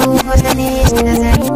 What an is